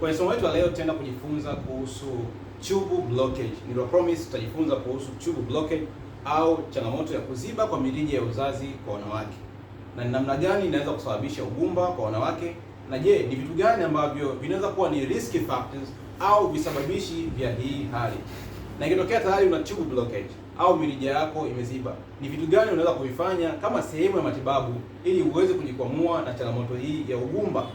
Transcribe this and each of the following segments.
kwenye somo letu la leo tutaenda kujifunza kuhusu tube blockage. Nilikuwa promise tutajifunza kuhusu tube blockage au changamoto ya kuziba kwa mirija ya uzazi kwa wanawake, na ni namna gani inaweza kusababisha ugumba kwa wanawake, na je, ni vitu gani ambavyo vinaweza kuwa ni risk factors au visababishi vya hii hali, na ikitokea tayari una tube blockage au mirija yako imeziba, ni vitu gani unaweza kuvifanya kama sehemu ya matibabu ili uweze kujikwamua na changamoto hii ya ugumba.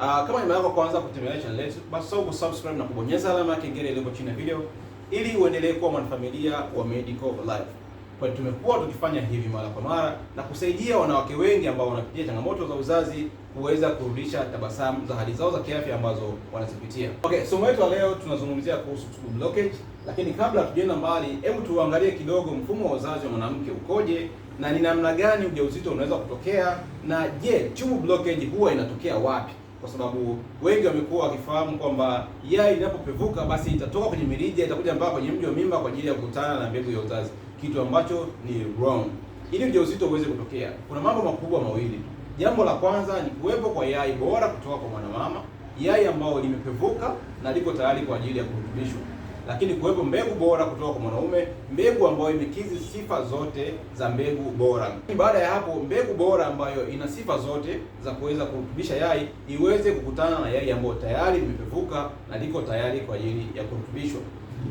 Uh, kama ni mara yako kwanza kutembelea channel yetu, basi usisahau kusubscribe na kubonyeza alama ya kengele iliyo chini ya video ili uendelee kuwa mwanafamilia wa Medical Life, Kwa tumekuwa tukifanya hivi mara kwa mara na kusaidia wanawake wengi ambao wanapitia changamoto za uzazi kuweza kurudisha tabasamu za hali zao za kiafya ambazo wanazipitia. Okay, somo letu leo tunazungumzia kuhusu tube blockage, lakini kabla hatujaenda mbali, hebu tuangalie kidogo mfumo wa uzazi wa mwanamke ukoje na ni namna gani ujauzito unaweza kutokea na je, tube blockage huwa inatokea wapi? kwa sababu wengi wamekuwa wakifahamu kwamba yai linapopevuka basi itatoka kwenye mirija itakuja mpaka kwenye mji wa mimba kwa ajili ya kukutana na mbegu ya uzazi, kitu ambacho ni wrong. Ili ujauzito uweze kutokea, kuna mambo makubwa mawili. Jambo la kwanza ni kuwepo kwa yai bora kutoka kwa mwanamama, yai ambayo limepevuka na liko tayari kwa ajili ya kurutubishwa lakini kuwepo mbegu bora kutoka kwa mwanaume, mbegu ambayo imekizi sifa zote za mbegu bora. Baada ya hapo, mbegu bora ambayo ina sifa zote za kuweza kurutubisha yai iweze kukutana na yai ambayo tayari imepevuka na liko tayari kwa ajili ya kurutubishwa.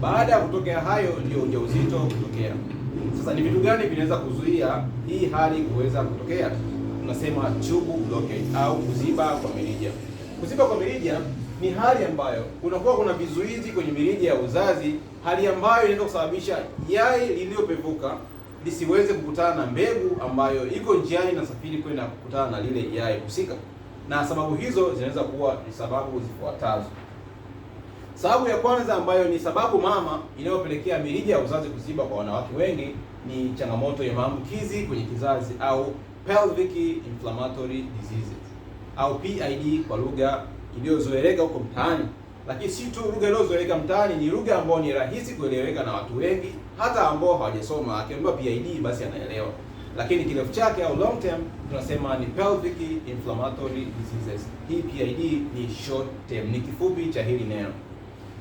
Baada ya kutokea hayo, ndio ujauzito kutokea. Sasa ni vitu gani vinaweza kuzuia hii hali kuweza kutokea? Tunasema tube blockage au kuziba kwa mirija. Kuziba kwa mirija ni hali ambayo kunakuwa kuna vizuizi kwenye mirija ya uzazi, hali ambayo inaweza kusababisha yai lililopevuka lisiweze kukutana na mbegu ambayo iko njiani inasafiri kwenda kukutana na lile yai husika, na sababu hizo zinaweza kuwa ni sababu zifuatazo. Sababu ya kwanza ambayo ni sababu mama inayopelekea mirija ya uzazi kuziba kwa wanawake wengi ni changamoto ya maambukizi kwenye kizazi au pelvic inflammatory diseases au PID kwa lugha iliyozoeleka huko mtaani, lakini si tu lugha iliyozoeleka mtaani, ni lugha ambayo ni rahisi kueleweka na watu wengi, hata ambao hawajasoma. Akiambiwa PID basi anaelewa, lakini kirefu chake au long term tunasema ni pelvic inflammatory diseases. Hii PID ni short term, ni kifupi cha hili neno.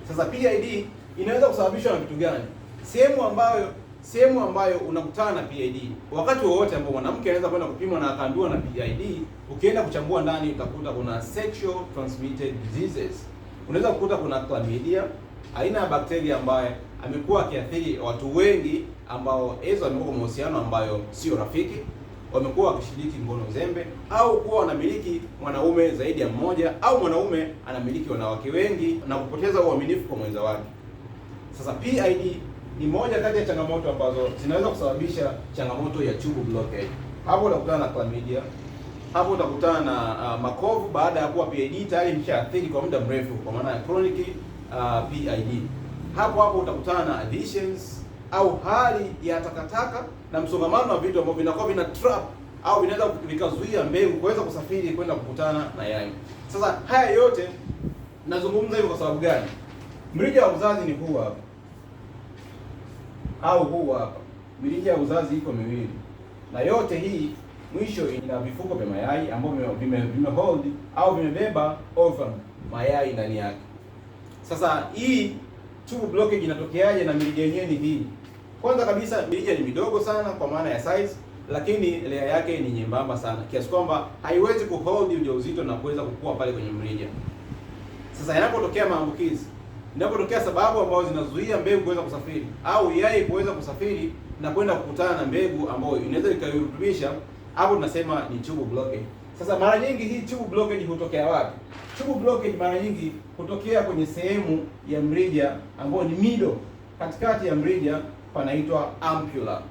Sasa PID inaweza kusababishwa na vitu gani? Sehemu ambayo sehemu ambayo unakutana na PID wakati wowote ambao mwanamke anaweza kwenda kupimwa na akaambiwa na PID. Ukienda kuchambua ndani, utakuta kuna sexual transmitted diseases. Unaweza kukuta kuna chlamydia, aina ya bakteria ambaye amekuwa akiathiri watu wengi ambao hizo wamekuwa kwa mahusiano ambayo sio rafiki, wamekuwa wakishiriki ngono zembe, au kuwa wanamiliki mwanaume zaidi ya mmoja, au mwanaume anamiliki wanawake wengi na kupoteza uaminifu kwa mwenza wake. Sasa PID ni moja kati ya changamoto ambazo zinaweza kusababisha changamoto ya tube blockage. Hapo utakutana na chlamydia, hapo utakutana na uh, makovu baada ya kuwa PID tayari imeshaathiri kwa muda mrefu, kwa maana ya chronic uh, PID. Hapo hapo utakutana na adhesions au hali ya takataka na msongamano wa vitu ambavyo vinakuwa vina trap au vinaweza vikazuia mbegu kuweza kusafiri kwenda kukutana na yai. Sasa haya yote nazungumza hivyo kwa sababu gani? Mrija wa uzazi ni huu hapa au huu hapa. Mirija ya uzazi iko miwili, na yote hii mwisho ina vifuko vya mayai ambavyo vime, vime hold au vimebeba ovum mayai ndani yake. Sasa hii tube blockage inatokeaje na mirija yenyewe ni hii? Kwanza kabisa mirija ni midogo sana kwa maana ya size, lakini layer yake ni nyembamba sana kiasi kwamba haiwezi kuhold ujauzito na kuweza kukua pale kwenye mrija. Sasa yanapotokea maambukizi Inapotokea sababu ambazo zinazuia mbegu kuweza kusafiri au yai kuweza kusafiri na kwenda kukutana na mbegu ambayo inaweza ikairutubisha, hapo tunasema ni tube blockage. Sasa mara nyingi hii tube blockage hutokea wapi? Tube blockage mara nyingi hutokea kwenye sehemu ya mrija ambayo ni mido, katikati ya mrija panaitwa ampulla.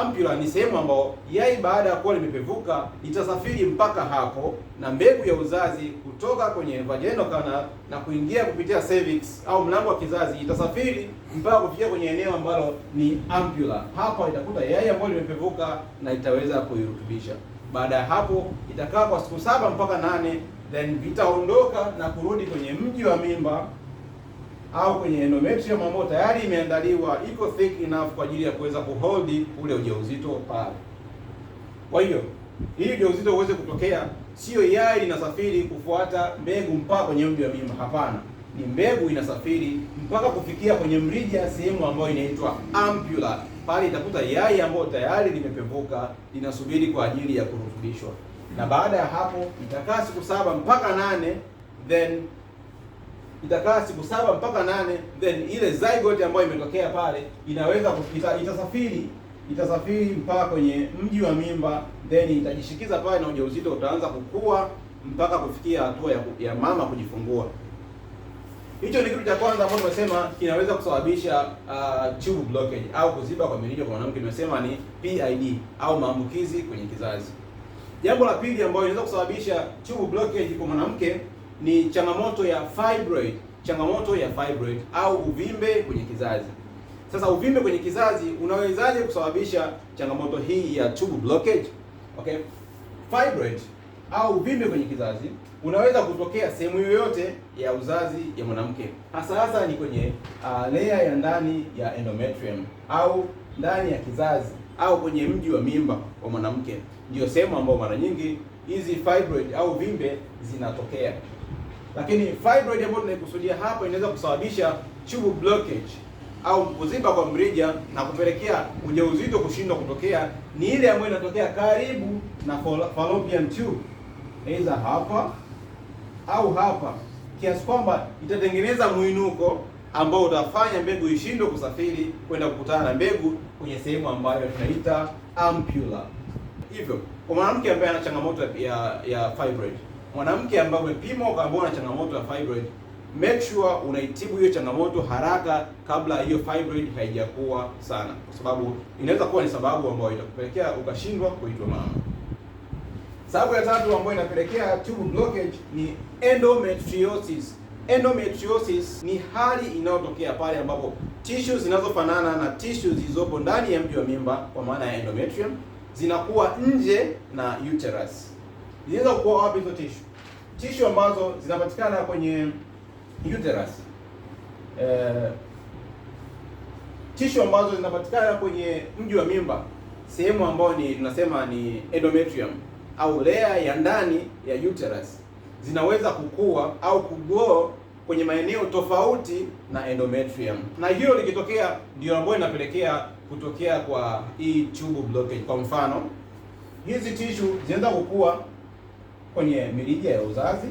Ampula ni sehemu ambayo yai baada ya kuwa limepevuka litasafiri mpaka hapo na mbegu ya uzazi kutoka kwenye vaginal canal na kuingia kupitia cervix au mlango wa kizazi, itasafiri mpaka kufikia kwenye eneo ambalo ni ampula. Hapa itakuta yai ambayo limepevuka na itaweza kuirutubisha. Baada ya hapo itakaa kwa siku saba mpaka nane, then vitaondoka na kurudi kwenye mji wa mimba au kwenye endometrium ambayo tayari imeandaliwa iko thick enough kwa ajili ya kuweza kuhold ule ujauzito pale. Kwa hiyo ili ujauzito uweze kutokea, sio yai linasafiri kufuata mbegu mpaka kwenye mji wa mimba. Hapana, ni mbegu inasafiri mpaka kufikia kwenye mrija, sehemu ambayo inaitwa ampula. Pale itakuta yai ambayo tayari limepevuka linasubiri kwa ajili ya kurutubishwa, na baada ya hapo itakaa siku saba mpaka nane then itakaa siku saba mpaka nane, then ile zygote ambayo imetokea pale inaweza kupita, itasafiri itasafiri mpaka kwenye mji wa mimba, then itajishikiza pale na ujauzito utaanza kukua mpaka kufikia hatua ya, ya mama kujifungua. Hicho ni kitu cha kwanza ambacho tumesema kinaweza kusababisha uh, tube blockage au kuziba kwa mirija kwa mwanamke, tumesema ni PID au maambukizi kwenye kizazi. Jambo la pili ambayo inaweza kusababisha tube blockage kwa mwanamke ni changamoto ya fibroid, changamoto ya fibroid au uvimbe kwenye kizazi. Sasa uvimbe kwenye kizazi unawezaje kusababisha changamoto hii ya tube blockage? Okay, fibroid au uvimbe kwenye kizazi unaweza kutokea sehemu yoyote ya uzazi ya mwanamke, hasa hasa ni kwenye uh, layer ya ndani ya endometrium au ndani ya kizazi au kwenye mji wa mimba wa mwanamke, ndio sehemu ambayo mara nyingi hizi fibroid au vimbe zinatokea. Lakini fibroid ambayo tunaikusudia hapo inaweza kusababisha tube blockage au kuziba kwa mrija na kupelekea ujauzito kushindwa kutokea, ni ile ambayo inatokea karibu na fallopian tube, aidha hapa au hapa, kiasi kwamba itatengeneza mwinuko ambao utafanya mbegu ishindwe kusafiri kwenda kukutana na mbegu kwenye sehemu ambayo tunaita ampulla. Hivyo kwa mwanamke ambaye ana changamoto ya ya fibroid mwanamke ambaye umepimwa ukaambiwa una changamoto ya fibroid, make sure unaitibu hiyo changamoto haraka kabla hiyo fibroid haijakuwa sana, kwa sababu inaweza kuwa ni sababu ambayo itakupelekea ukashindwa kuitwa mama. Sababu ya tatu ambayo inapelekea tube blockage ni endometriosis. Endometriosis ni hali inayotokea pale ambapo tissues zinazofanana na tissues zilizopo ndani ya mji wa mimba kwa maana ya endometrium zinakuwa nje na uterus zinaweza kuwa wapi hizo tishu? Tishu ambazo zinapatikana kwenye uterus eh, tishu ambazo zinapatikana kwenye mji wa mimba, sehemu ambayo ni tunasema ni endometrium au lea ya ndani ya uterus, zinaweza kukua au kugrow kwenye maeneo tofauti na endometrium, na hiyo likitokea ndio ambayo inapelekea kutokea kwa hii tube blockage. Kwa mfano hizi tishu zinaweza kukua kwenye mirija ya uzazi.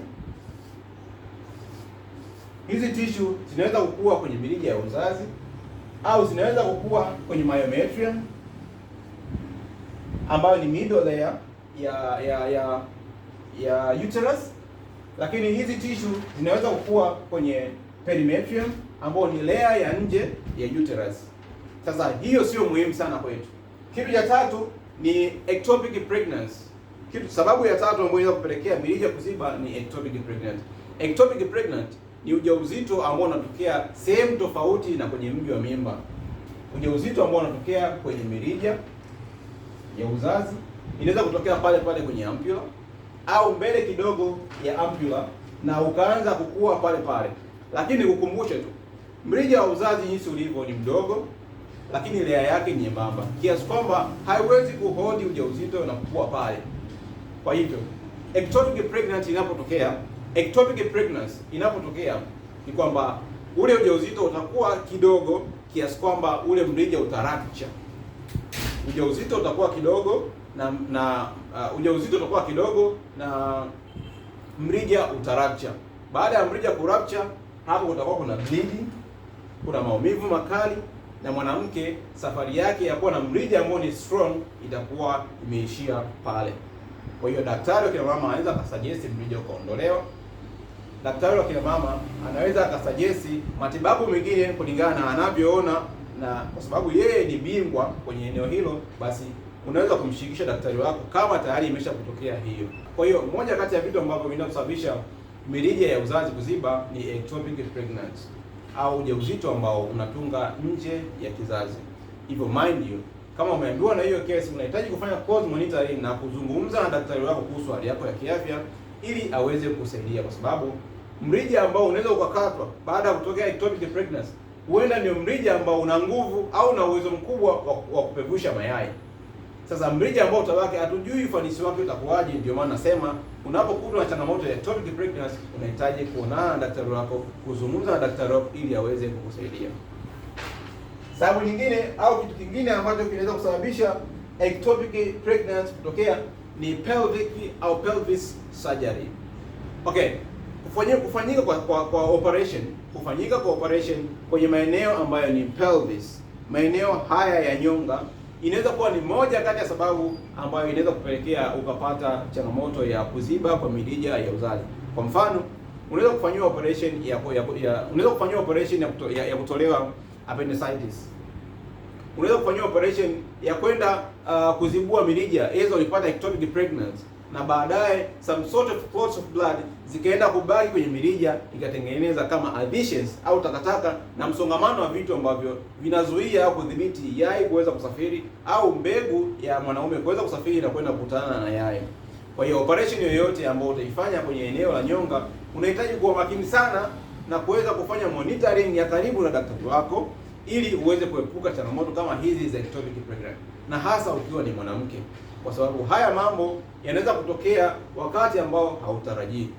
Hizi tishu zinaweza kukua kwenye mirija ya uzazi au zinaweza kukua kwenye myometrium ambayo ni middle layer ya ya ya ya uterus, lakini hizi tishu zinaweza kukua kwenye perimetrium ambayo ni layer ya nje ya uterus. Sasa hiyo sio muhimu sana kwetu. Kitu cha tatu ni ectopic pregnancy. Kitu sababu ya tatu ambayo inaweza kupelekea mirija kuziba ni ectopic pregnant. Ectopic pregnant ni ujauzito ambao unatokea sehemu tofauti na kwenye mji wa mimba. Ujauzito ambao unatokea kwenye mirija ya uzazi inaweza kutokea pale pale kwenye ampula au mbele kidogo ya ampula na ukaanza kukua pale pale. Lakini nikukumbushe tu, mrija wa uzazi jinsi ulivyo ni mdogo, lakini lea yake ni nyembamba kiasi kwamba haiwezi kuhodi ujauzito na kukua pale. Kwa hivyo ectopic pregnancy inapotokea, ectopic pregnancy inapotokea ni kwamba ule ujauzito utakuwa kidogo kiasi kwamba ule mrija utarapcha. Ujauzito utakuwa kidogo na na uh, ujauzito utakuwa kidogo na mrija utarapcha. Baada ya mrija kurapcha, hapo kutakuwa kuna bleeding, kuna maumivu makali na mwanamke safari yake ya kuwa na mrija ambao ni strong itakuwa imeishia pale. Kwa hiyo daktari wa kina mama anaweza akasajesi mrija ukaondolewa. Daktari wa kina mama anaweza akasajesi matibabu mengine kulingana na anavyoona, na kwa sababu yeye ni bingwa kwenye eneo hilo, basi unaweza kumshirikisha daktari wako kama tayari imesha kutokea hiyo. Kwa hiyo moja kati ya vitu ambavyo vinasababisha mirija ya uzazi kuziba ni ectopic pregnancy au ujauzito ambao unatunga nje ya kizazi. Hivyo mind you kama umeambiwa na hiyo kesi, unahitaji kufanya course monitoring na kuzungumza na daktari wako kuhusu hali yako ya kiafya ili aweze kusaidia, kwa sababu mrija ambao unaweza ukakatwa baada ya kutokea ectopic pregnancy huenda ndio mrija ambao una nguvu au na uwezo mkubwa wa kupevusha mayai. Sasa mrija ambao utabaki hatujui ufanisi wake utakuwaje. Ndio maana nasema unapokutwa na changamoto ya ectopic pregnancy unahitaji kuonana na daktari wako, kuzungumza na daktari wako ili aweze kukusaidia. Sababu nyingine au kitu kingine ambacho kinaweza kusababisha ectopic pregnancy kutokea ni pelvic au pelvis surgery. Okay, kufanyika kufanyika kwa, kwa, kwa operation kufanyika kwa operation kwenye maeneo ambayo ni pelvis, maeneo haya ya nyonga inaweza kuwa ni moja kati ya sababu ambayo inaweza kupelekea ukapata changamoto ya kuziba kwa mirija ya uzazi. Kwa mfano, unaweza kufanyiwa operation ya, ya, ya unaweza kufanyiwa operation ya, kuto, ya, ya kutolewa appendicitis. Unaweza kufanyia operation ya kwenda uh, kuzibua mirija hizo ulipata ectopic pregnancy, na baadaye some sort of clots of blood zikaenda kubaki kwenye mirija ikatengeneza kama adhesions au takataka na msongamano wa vitu ambavyo vinazuia au kudhibiti yai kuweza kusafiri au mbegu ya mwanaume kuweza kusafiri na kwenda kukutana na yai. Kwa hiyo operation yoyote ambayo utaifanya kwenye eneo la nyonga unahitaji kuwa makini sana na kuweza kufanya monitoring ya karibu na daktari wako ili uweze kuepuka changamoto kama hizi za ectopic pregnancy, na hasa ukiwa ni mwanamke, kwa sababu haya mambo yanaweza kutokea wakati ambao hautarajii.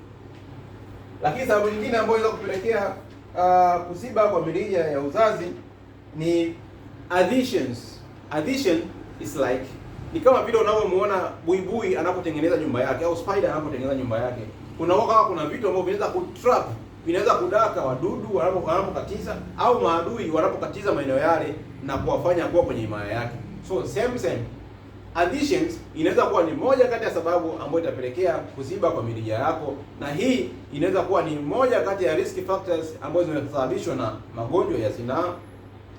Lakini sababu nyingine ambayo inaweza kupelekea uh, kusiba kwa mirija ya uzazi ni additions. Addition is like ni kama vile unavyomuona buibui anapotengeneza nyumba yake au spider anapotengeneza nyumba yake, kuna kama kuna vitu ambavyo vinaweza kutrap vinaweza kudaka wadudu wanapokatiza au maadui wanapokatiza maeneo yale na kuwafanya kuwa kwenye himaya yake. So same same additions inaweza kuwa ni moja kati ya sababu ambayo itapelekea kuziba kwa mirija yako, na hii inaweza kuwa ni moja kati ya risk factors ambazo zimesababishwa na magonjwa ya zinaa.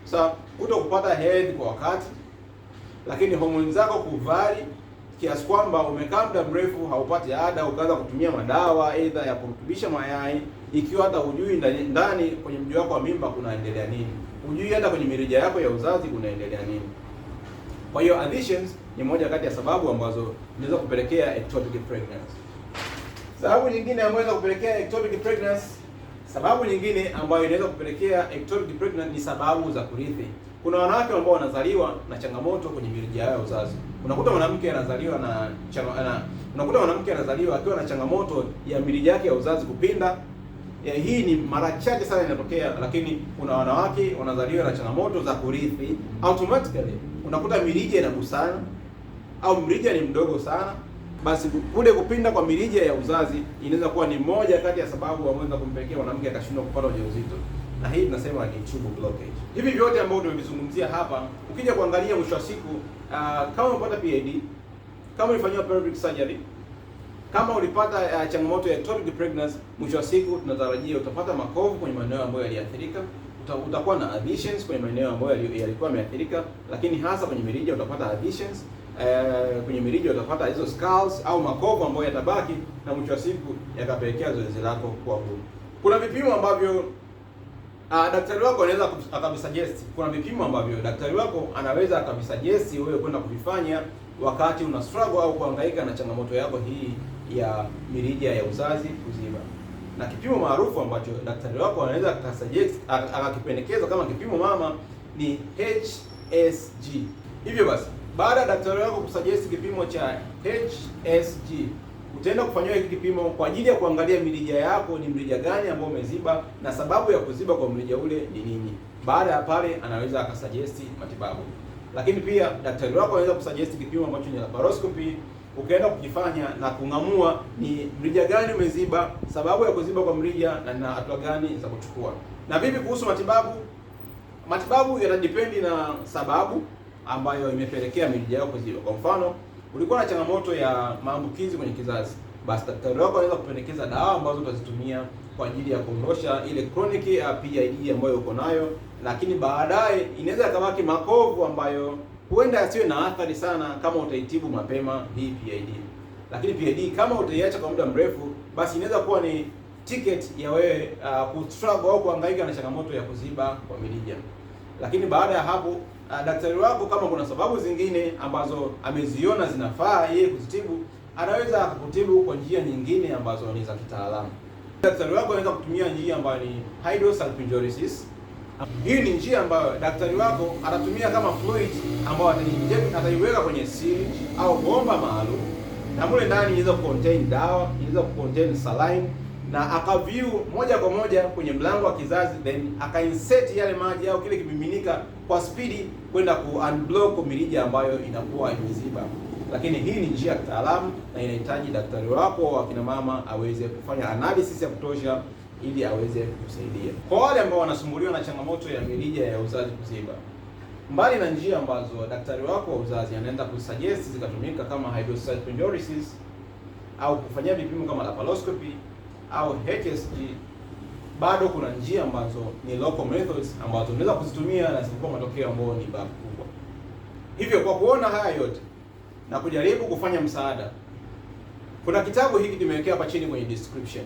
Sasa kuto kupata hedhi kwa wakati, lakini homoni zako kuvari kiasi kwamba umekaa muda mrefu haupati ada, ukaanza kutumia madawa aidha ya kurutubisha mayai ikiwa hata hujui ndani, ndani kwenye mji wako wa mimba kunaendelea nini, hujui hata kwenye mirija yako ya uzazi kunaendelea nini. Kwa hiyo adhesions ni moja kati ya sababu ambazo inaweza kupelekea ectopic pregnancy. Sababu nyingine ambayo inaweza kupelekea ectopic pregnancy, sababu nyingine ambayo inaweza kupelekea ectopic pregnancy ni sababu za kurithi. Kuna wanawake ambao wanazaliwa na changamoto kwenye mirija yao ya uzazi. Unakuta mwanamke anazaliwa na, na unakuta mwanamke anazaliwa akiwa na changamoto ya mirija yake ya uzazi kupinda ya hii ni mara chache sana inatokea, lakini kuna wanawake wanazaliwa na changamoto za kurithi. Automatically unakuta mirija inagusana au mrija ni mdogo sana, basi kule kupinda kwa mirija ya uzazi inaweza kuwa ni moja kati ya sababu ameweza kumpelekea mwanamke akashindwa kupata ujauzito, na hii tunasema ni tube blockage. Hivi vyote ambavyo tumevizungumzia hapa, ukija kuangalia mwisho wa siku, uh, kama umepata PID, kama ulifanyiwa pelvic surgery kama ulipata uh, changamoto ya ectopic pregnancy, mwisho wa siku tunatarajia utapata makovu kwenye maeneo ambayo yaliathirika, utakuwa na adhesions kwenye maeneo ambayo yalikuwa yameathirika, lakini hasa kwenye mirija utapata adhesions Uh, kwenye mirija utapata hizo scars au makovu ambayo yatabaki na mwisho wa siku yakapelekea zoezi lako kuwa gumu. Kuna vipimo ambavyo uh, daktari wako anaweza akavisuggest. Kuna vipimo ambavyo daktari wako anaweza akavisuggest wewe kwenda kuvifanya wakati una struggle au kuhangaika na changamoto yako hii ya mirija ya uzazi kuziba, na kipimo maarufu ambacho daktari wako anaweza akasuggest akakipendekeza kama kipimo mama ni HSG. Hivyo basi, baada ya daktari wako kusuggest kipimo cha HSG utaenda kufanyiwa hiki kipimo kwa ajili ya kuangalia mirija yako ni mrija gani ambao umeziba na sababu ya kuziba kwa mrija ule ni nini. Baada ya pale, anaweza akasuggest matibabu, lakini pia daktari wako anaweza kusuggest kipimo ambacho ni laparoscopy ukaenda kujifanya na kung'amua ni mrija gani umeziba, sababu ya kuziba kwa mrija na na hatua gani za kuchukua. Na vipi kuhusu matibabu? Matibabu yanadependi na sababu ambayo imepelekea mirija yako kuziba. Kwa mfano, ulikuwa na changamoto ya maambukizi kwenye kizazi, basi daktari wako anaweza kupendekeza dawa ambazo utazitumia kwa ajili ya kuondosha ile chronic ah, PID ambayo uko nayo, lakini baadaye inaweza ikabaki makovu ambayo huenda asiwe na athari sana kama utaitibu mapema hii PID. Lakini PID kama utaiacha kwa muda mrefu, basi inaweza kuwa ni ticket ya wewe uh, kustruggle au kuhangaika na changamoto ya kuziba kwa mirija. Lakini baada ya hapo uh, daktari wako kama kuna sababu zingine ambazo ameziona zinafaa yeye kuzitibu, anaweza kukutibu kwa njia nyingine ambazo ni za kitaalamu. Daktari wako anaweza kutumia njia ambayo ni hydrosalpingolysis hii ni njia ambayo daktari wako atatumia kama fluid ambayo ataiweka kwenye syringe au bomba maalum, na mule ndani inaweza kucontain dawa, inaweza kucontain saline, na akaview moja kwa moja kwenye mlango wa kizazi, then akainsert yale maji au kile kimiminika kwa spidi kwenda ku unblock mirija ambayo inakuwa imeziba. Lakini hii ni njia ya kitaalamu na inahitaji daktari wako wa kina mama aweze kufanya analysis ya kutosha ili aweze kusaidia. Kwa wale ambao wanasumbuliwa na changamoto ya mirija ya uzazi kuziba, mbali na njia ambazo daktari wako wa uzazi anaenda kusuggest zikatumika kama hydrocyte au kufanyia vipimo kama laparoscopy au HSG, bado kuna njia ambazo ni local methods ambazo unaweza kuzitumia na zikuwa matokeo ambayo ni bado kubwa. Hivyo kwa kuona haya yote na kujaribu kufanya msaada, kuna kitabu hiki kimewekewa hapa chini kwenye description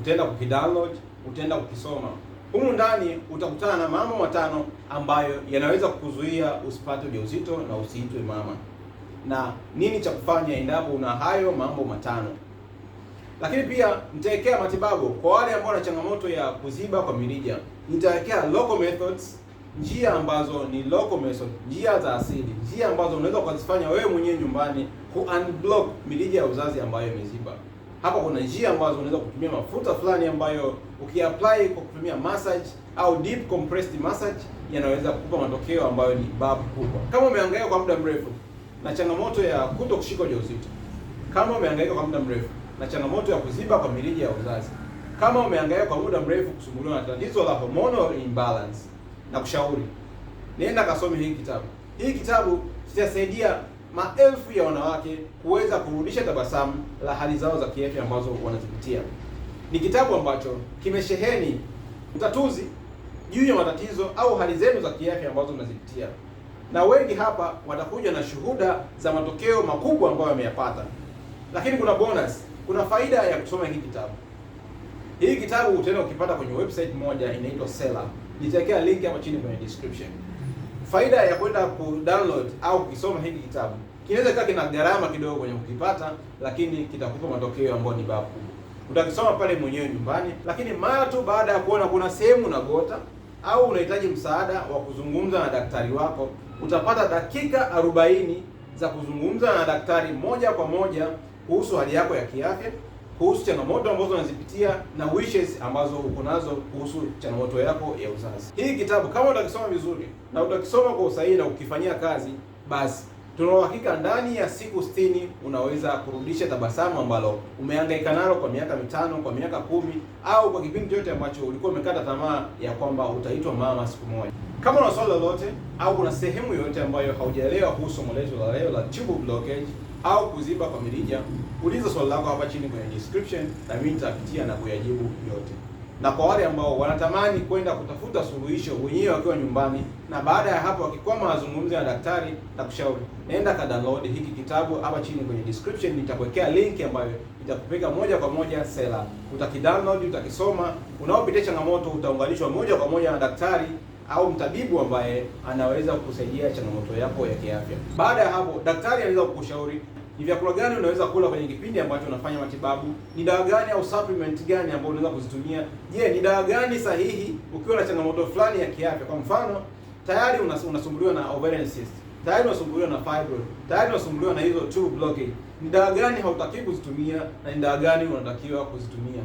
utaenda kukidownload, utaenda kukisoma. Humu ndani utakutana na mambo matano ambayo yanaweza kukuzuia usipate ujauzito na usiitwe mama, na nini cha kufanya endapo una hayo mambo matano. Lakini pia nitawekea matibabu kwa wale ambao wana changamoto ya kuziba kwa mirija. Nitawekea local methods, njia ambazo ni local method, njia za asili, njia ambazo unaweza ukazifanya wewe mwenyewe nyumbani ku unblock mirija ya uzazi ambayo imeziba. Hapa kuna njia ambazo unaweza kutumia mafuta fulani ambayo ukiapply kwa kutumia massage au deep compressed massage yanaweza kukupa matokeo ambayo ni babu kubwa. Kama umehangaika kwa muda mrefu na changamoto ya kuto kushika ujauzito, kama umehangaika kwa muda mrefu na changamoto ya kuziba kwa mirija ya uzazi, kama umehangaika kwa muda mrefu kusumbuliwa na tatizo la hormonal imbalance, na kushauri nenda kasome hii kitabu. Hii kitabu kitasaidia maelfu ya wanawake kuweza kurudisha tabasamu la hali zao za kiafya ambazo wanazipitia. Ni kitabu ambacho kimesheheni utatuzi juu ya matatizo au hali zenu za kiafya ambazo mnazipitia, na wengi hapa watakuja na shuhuda za matokeo makubwa ambayo wameyapata. Lakini kuna bonus, kuna faida ya kusoma hiki kitabu. Hii kitabu utaenda ukipata kwenye website moja inaitwa Sela. Nitawekea link hapo chini kwenye description faida ya kwenda kudownload au kusoma hiki kitabu kinaweza kikawa kina gharama kidogo kwenye kukipata, lakini kitakupa matokeo ambayo ni babu. Utakisoma pale mwenyewe nyumbani, lakini mara tu baada ya kuona kuna sehemu unagota au unahitaji msaada wa kuzungumza na daktari wako, utapata dakika arobaini za kuzungumza na daktari moja kwa moja kuhusu hali yako ya kiafya kuhusu changamoto ambazo unazipitia na wishes ambazo uko nazo kuhusu changamoto yako ya uzazi. Hii kitabu kama utakisoma vizuri na utakisoma kwa usahihi na ukifanyia kazi, basi tuna uhakika ndani ya siku 60 unaweza kurudisha tabasamu ambalo umehangaika nalo kwa miaka mitano, kwa miaka kumi, au kwa kipindi chote ambacho ulikuwa umekata tamaa ya kwamba utaitwa mama siku moja. Kama una swali lolote au kuna sehemu yoyote ambayo haujaelewa kuhusu somo letu la leo la tube blockage au kuziba kwa mirija, uliza swali lako hapa chini kwenye description, na mimi nitapitia na kuyajibu yote. Na kwa wale ambao wanatamani kwenda kutafuta suluhisho wenyewe wakiwa nyumbani, na baada ya hapo wakikwama wazungumze na daktari na kushauri, nenda ka download hiki kitabu hapa chini kwenye description, nitakuwekea link ambayo itakupeleka moja kwa moja sela. Utakidownload, utakisoma, unaopitia changamoto utaunganishwa moja kwa moja na daktari au mtabibu ambaye anaweza kukusaidia changamoto yako ya kiafya. Baada ya hapo, daktari anaweza kukushauri ni vyakula gani unaweza kula kwenye kipindi ambacho unafanya matibabu, ni dawa gani au supplement gani ambayo unaweza kuzitumia. Je, ni dawa gani sahihi ukiwa na changamoto fulani ya kiafya? Kwa mfano, tayari unasumbuliwa na ovarian cyst, tayari unasumbuliwa na fibroid, tayari unasumbuliwa na hizo tube blockage. Ni dawa gani hautakiwi kuzitumia na ni dawa gani unatakiwa kuzitumia?